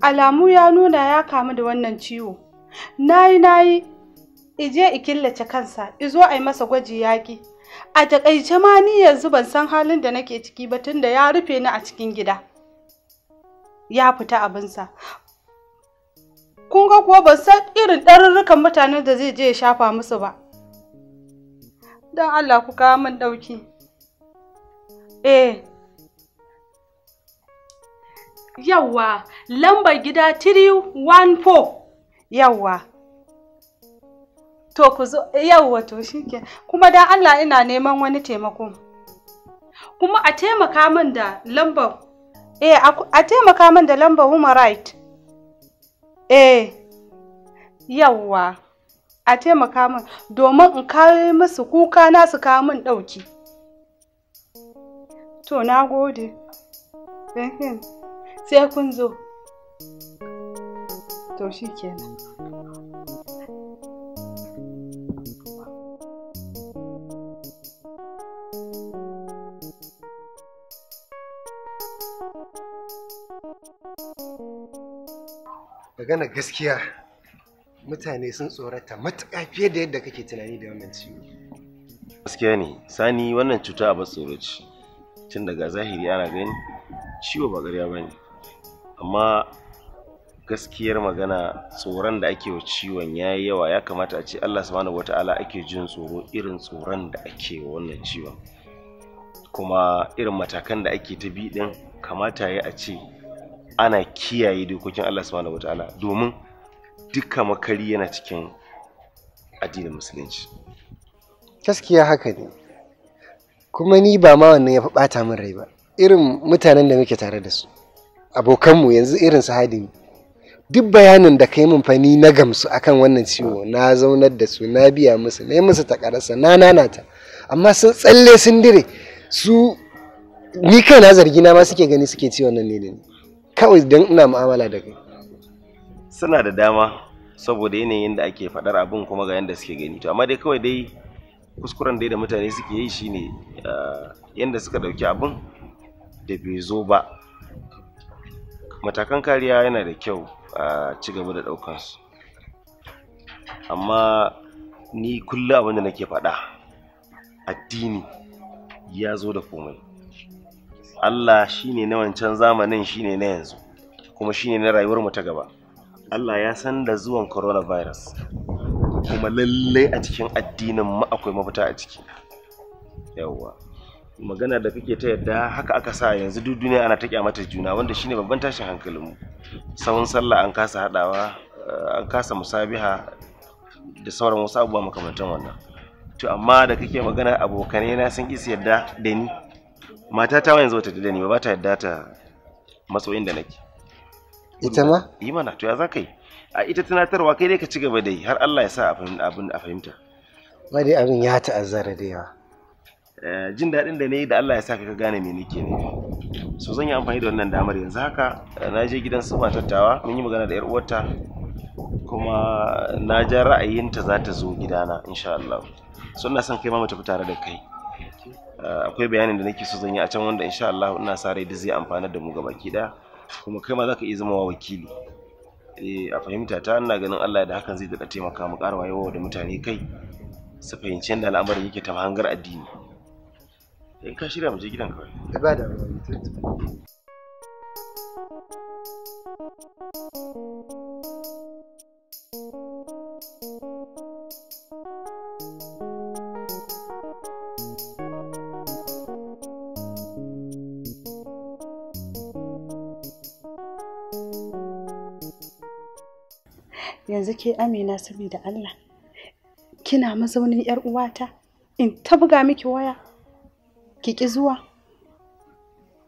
alamu ya nuna ya kamu da wannan ciwo. Nayi nayi ije i killace kansa izo a yi masa gwaji yaƙi a takaice ma ni yanzu ban san halin da nake ciki ba tunda ya rufe ni a cikin gida ya fita abinsa kun ga kuwa ban san irin ɗarurrukan mutanen da zai je ya shafa musu ba don allah ku kawo min ɗauki eh yawwa lambar gida 314 yawwa To ku zo eh, yawwa to shike. Kuma dan Allah ina neman wani taimako. Kuma a taimaka min da lambar eh a taimaka min da lambar human right. Eh yawwa a taimaka min domin in kawo musu kuka na su kawo min ɗauki. To na gode. Eh, eh. Sai kun zo. To shikenan. magana gaskiya mutane sun tsorata matuƙa fiye da yadda kake tunani da wannan ciwo gaskiya ne sani wannan cuta a tsoro ce tun daga zahiri ana gani ciwo ba ƙarya ba ne amma gaskiyar magana tsoron da ake wa ciwon ya yi yawa ya kamata a ce allah subhanahu wata'ala ake jin tsoro irin tsoron da ake wa wannan ciwon kuma irin matakan da ake ta bi din kamata ya a ce ana kiyaye dokokin Allah subhanahu wataala domin duka makari yana cikin addinin musulunci gaskiya haka ne kuma ni ba ma wannan ya fi bata min rai ba irin mutanen da muke tare da su abokanmu yanzu irin su hadin duk bayanin da kai min fani na gamsu akan wannan ciwo na zaunar da su na biya musu na yi musu karasa na nanata amma sun tsalle sun dire su ni kai na zargi na ma suke gani suke ciwon nan ne da kawai don ina mu'amala da kai suna da dama saboda yanayin da ake faɗar abin kuma ga yadda suke gani to amma dai kawai dai kuskuren dai da mutane suke yi shine ah, yadda suka ɗauki abin da bai zo ba matakan kariya yana da kyau a ci gaba da su, amma ni kullum abin da nake faɗa addini ya zo da komai Allah shine na wancan zamanin shine na yanzu kuma shine na rayuwar mu ta gaba Allah ya san da zuwan coronavirus kuma lallai a cikin addinin mu akwai mafita a ciki yawwa magana da kake ta yadda haka aka sa yanzu duk duniya ana ta kyamata juna wanda shine babban tashin hankalin mu sawun sallah an kasa hadawa eh, an kasa musabiha da sauran wasu abubuwa makamantan wannan to amma da kake magana abokanai na sun isa yadda da ni mata ta yanzu wata da ni ba ta yadda ta matsoyin da nake ita ma yi mana to ya za yi a ita tunatarwa kai dai ka ci gaba dai, har Allah ya sa a fahimta abin a fahimta ba dai abin ya ta'azzara da yawa eh, jin daɗin da na yi da Allah ya sa ka gane me nake ne so zan yi amfani da wannan damar yanzu haka eh, na je gidan su matattawa mun yi magana da yar uwarta kuma na ja ra'ayinta za ta zo gidana insha Allah so ina son kai ma mu tafi tare da kai Eh, akwai bayanin da nake so zan yi a can wanda insha Allah ina sa rai da zai amfana da mu gabaki da, kuma kai ma zaka iya zama wakili eh a fahimta ta ina ganin Allah da hakan zai daɗa taimaka mu ƙara wayewa da mutane kai su fahimci yadda al'amarin yake ta hangar addini in ka shirya mu je gidan kawai ba da yanzu ke amina saboda Allah kina mazaunin yar uwata in ta buga miki waya kiki zuwa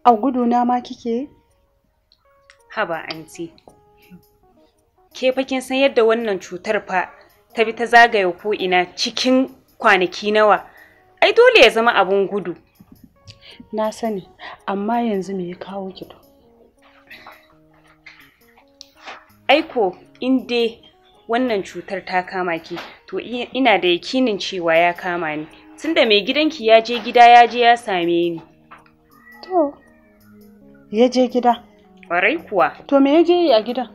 a guduna ma kike haba anti ke fa kin san yadda wannan cutar fa ta bi ta zagaya ko ina cikin kwanaki nawa ai dole ya zama abun gudu na sani amma yanzu me ya kawo ki to aiko in wannan cutar ta kama ki to ina da yakinin cewa ya kama ni tunda mai gidanki ya je gida ya je ya same ni to ya je gida warai kuwa to me ya je a gida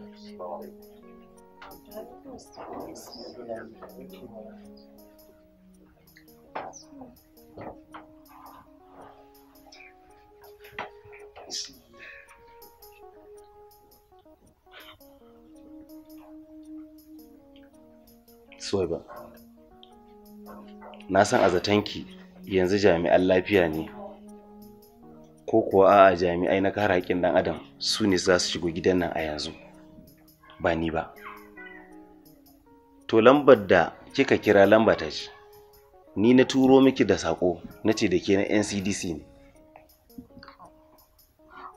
Thank you. ba. Na san azatanki yanzu jami'an lafiya ne ko kuwa a'a jami'ai na kare haƙƙin ɗan adam su ne za su shigo gidan nan a yanzu ba ni ba to lambar da kika kira lamba ta ce ni na turo miki da saƙo na ce da ke na ncdc ne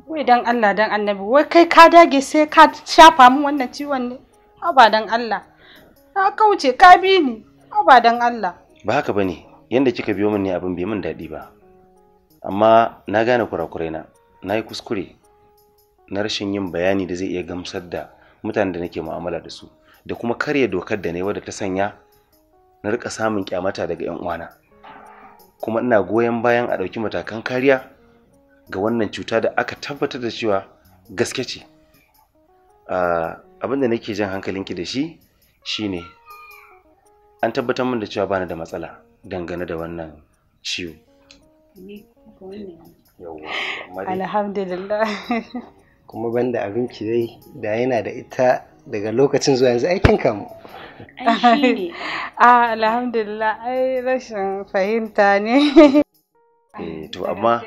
wai dan allah dan annabi wai kai ka dage sai ka shafa mu wannan ciwon ne ba dan allah Na kauce ka bi ni, ba dan Allah. Ba haka bane, yadda kika biyo min ne abin bai min daɗi ba. Amma na gane kurakurai na, na yi kuskure na rashin yin bayani da zai iya gamsar da mutanen da nake mu'amala da su, da kuma karya dokar da ne wadda ta sanya na rika samun kyamata daga 'yan uwana. Kuma ina goyon bayan a ɗauki matakan kariya ga wannan cuta da aka tabbatar da cewa gaske ce. Ah, abin da nake jan hankalinki da shi shine an tabbatar min da cewa bani da matsala dangane da wannan ciwo alhamdulillah kuma banda abinci dai da yana da ita daga lokacin zuwa yanzu aikin kamu a ah, alhamdulillah ai rashin fahimta ne eh, to amma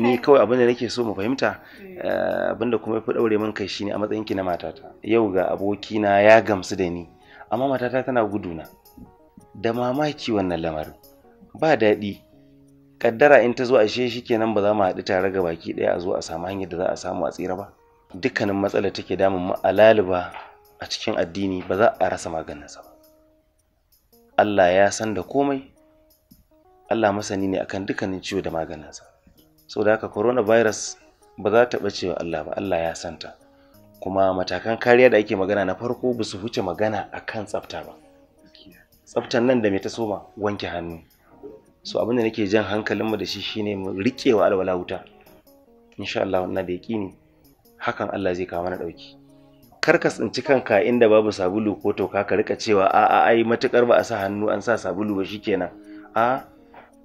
ni kawai abin da nake so mu fahimta eh. Eh, abin da kuma fi daure min kai shine a matsayin ki na matata yau ga abokina ya gamsu da ni amma matata tana guduna da mamaki wannan lamarin ba daɗi ƙaddara in ta zo a shi kenan ba za mu haɗu tare ga baki ɗaya a zo a samu hanyar da za a samu a tsira ba dukkanin matsala take damun mu ba a cikin addini ba za a rasa maganinsa ba Allah ya san da komai Allah masani ne akan dukkanin ciwo da maganinsa saboda haka coronavirus ba za ta ɓace wa Allah ba Allah ya santa kuma matakan kariya da ake magana na farko ba su huce magana kan tsafta ba tsaftan nan da me ta soma wanke hannu so abin da nake jan hankalinmu da shi shine mu wa alwala wuta insha Allah wannan da yaƙini hakan Allah zai kawo mana ɗauki kar ka tsinci kanka inda babu sabulu ko toka ka rika cewa a a ai matukar ba a sa hannu an sa sabulu ba shikenan a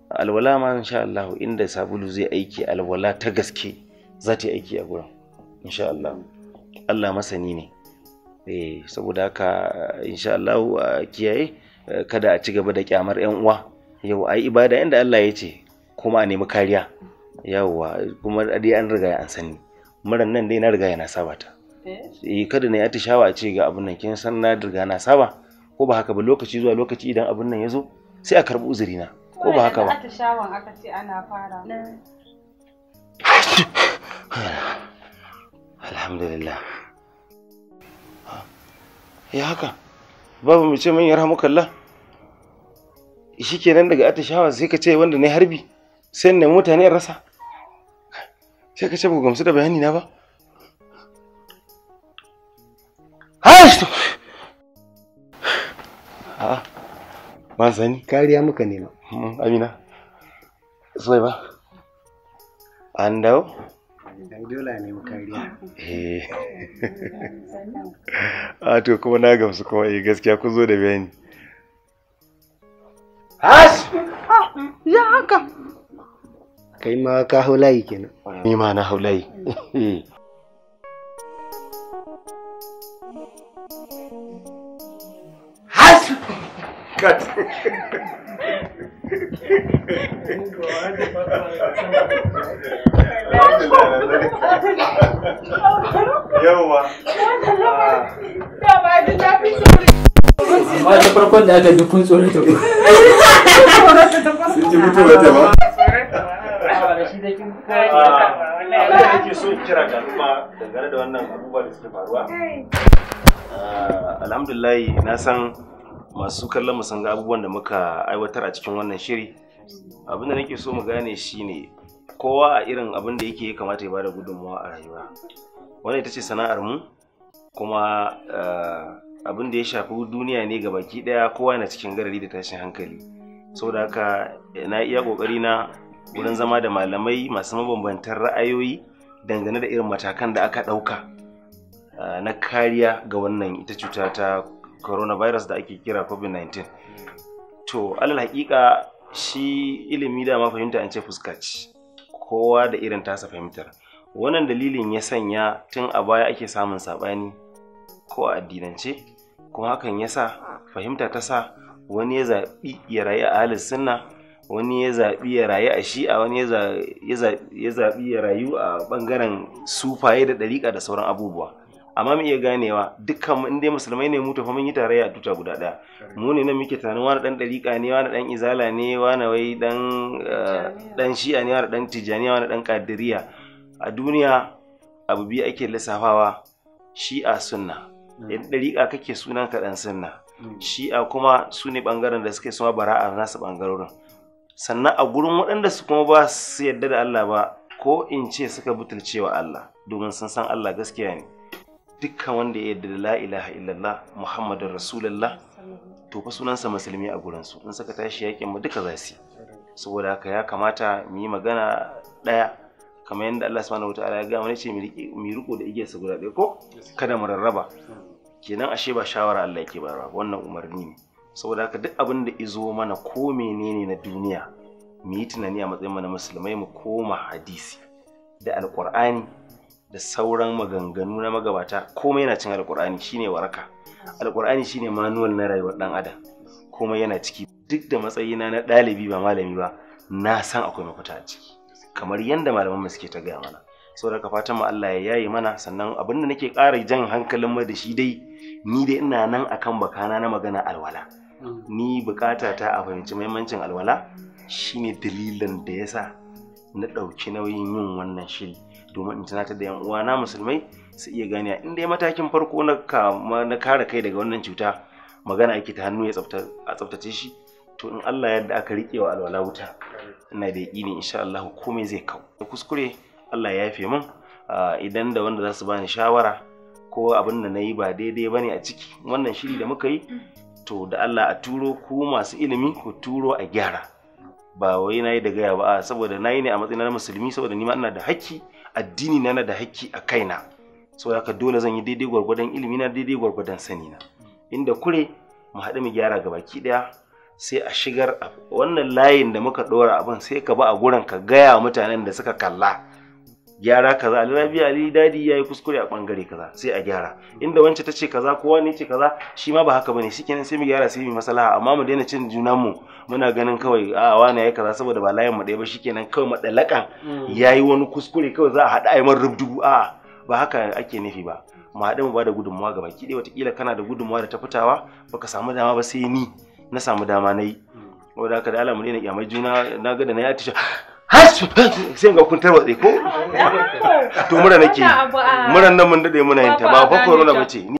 alwala ma insha Allah inda sabulu zai aiki alwala ta gaske za ta aiki a gurin insha Allah Allah masani ne eh saboda haka insha Allah a kiyaye kada a ci gaba da kyamar yan uwa yau ai ibada inda Allah ya ce kuma a nemi kariya yawwa kuma dai an riga an sani muran nan dai na riga yana saba ta eh kada ne atishawa a ce ga abun nan kin san na riga na saba ko ba haka ba lokaci zuwa lokaci idan abun nan ya zo sai a karbi uzuri na ko ba haka ba atishawan aka ce ana fara alhamdulillah ya haka babu mu ce min yarhamukallah shi kenan daga atishawa sai ka ce wanda ne harbi sai na mutane rasa sai ka ce ba gamsu da bayani na ba a'a ma sani kariya muka nema hmm, amina sai ba an dawo dole ne mu kariya a eh. ah, to kuma na gamsu kuma eh gaskiya ku zo da bayani hash ah, ya haka kai ma ka haulayi kenan ni ma na haulayi hash cut yauwa amma da farkon da aka dukun ah, na san masu kallon mu abubuwan da muka aiwatar a cikin wannan shiri abinda nake so mu gane shine kowa a irin abin da yake kamata ya bada gudunmawa a rayuwa wannan ita ce sana'ar mu kuma eh, abin da ya shafi duniya ne ga baki daya kowa na cikin garari da tashin hankali saboda haka na iya kokari na wurin zama da malamai masu mabambantan ra'ayoyi dangane da irin matakan da aka ɗauka eh, na kariya ga wannan ita cuta ta coronavirus da ake kira covid-19 to alal hakika shi ilimi da ma fahimta an ce fuskaci kowa da irin tasa fahimtar wannan dalilin ya sanya tun a baya ake samun saɓani ko a addinance kuma hakan ya sa fahimta ta sa wani ya zaɓi ya rayu a halin sunna wani ya zaɓi ya rayu a shi'a wani ya zaɓi ya rayu a ɓangaren sufaye da ɗariƙa da sauran abubuwa amma mu iya ganewa dukkan in dai musulmai ne mu tafi mun yi tarayya a tuta guda ɗaya mu ne nan muke tunanin wani dan dariƙa ne wani dan izala ne wani wai dan dan eh, shi'a ne wani dan tijaniya wani dan kadiriya a duniya abu biyu ake lissafawa shi'a sunna yan hmm. dariƙa kake sunan ka dan sunna hmm. shi'a kuma su ne bangaren da suke suma bara'a nasu bangarorin sannan a gurin waɗanda su kuma ba su yadda da Allah ba ko in ce suka butulcewa Allah domin sun san Allah gaskiya ne dukkan wanda ya yarda da la ilaha illallah muhammadun rasulullah to fa sunansa musulmi a gurinsu in saka tashi yakin mu duka zasi saboda haka ya kamata mu yi magana ɗaya kamar yadda Allah subhanahu wataala ya ga mana ce mu riko da su guda ɗaya ko kada mu rarraba kenan ashe ba shawara Allah yake ba wannan umarni ne saboda haka duk abin da izo mana ko menene na duniya mu yi tunani a matsayin mana musulmai mu koma hadisi da alkur'ani da sauran maganganu na magabata komai yana cin alkur'ani shine waraka alkur'ani shine manuwal na rayuwar dan adam komai yana ciki duk da matsayina na ɗalibi ba malami ba na san akwai mafita a ciki kamar yadda malaman mu suke ta gaya mana saboda ka fatan mu Allah ya yaye mana sannan abin da nake ƙara jan hankalin mu da shi dai ni dai ina nan akan bakana na magana alwala ni bukata ta a fahimci muhimmancin alwala shine dalilin da yasa na ɗauki nauyin yin wannan shiri domin in tunatar da yan uwana musulmai su iya gani in dai matakin farko na kama na kare kai daga wannan cuta magana ake ta hannu ya a tsaftace shi to in Allah yadda aka rike wa alwala wuta ina da yaƙini insha Allah komai zai Da kuskure Allah ya yafe min idan da wanda za su bani shawara ko abin da nayi ba daidai bane a ciki wannan shiri da muka yi to da Allah a turo ko masu ilimi ku turo a gyara ba wai na yi da gaya ba saboda na yi ne a matsayin na musulmi saboda ni ma ina da haƙƙi addini na da hakki a kaina so haka dole zan yi daidai gwargwadon ilimi na daidai gwargwadon sani na inda kure mu haɗu mu gyara ga baki ɗaya sai a shigar wannan layin da muka ɗora abin sai ka ba a gurin ka gaya mutanen da suka kalla gyara kaza rabi ali dadi yayi kuskure a bangare kaza sai a gyara inda wance ta ce kaza kowa ne ce kaza shi ma ba haka bane shikenan sai mu gyara sai mu maslaha amma mu daina cin junan mu muna ganin kawai a wani yayi kaza saboda ba layin mu dai ba shikenan kawai madalakan mm. yayi wani kuskure kawai za a haɗa ai man rubdugu a ba haka ake nufi ba mu hada mu ba da gaba ga baki watakila kana da gudunmuwa da ta fitawa baka samu dama ba sai ni na samu dama na yi wadda mm. da Allah mu daina kyamai juna na ga da na yi atisha hasu sai ga kun tarwatse ko to mura nake muran nan mun dade muna yin ta ba fa corona bace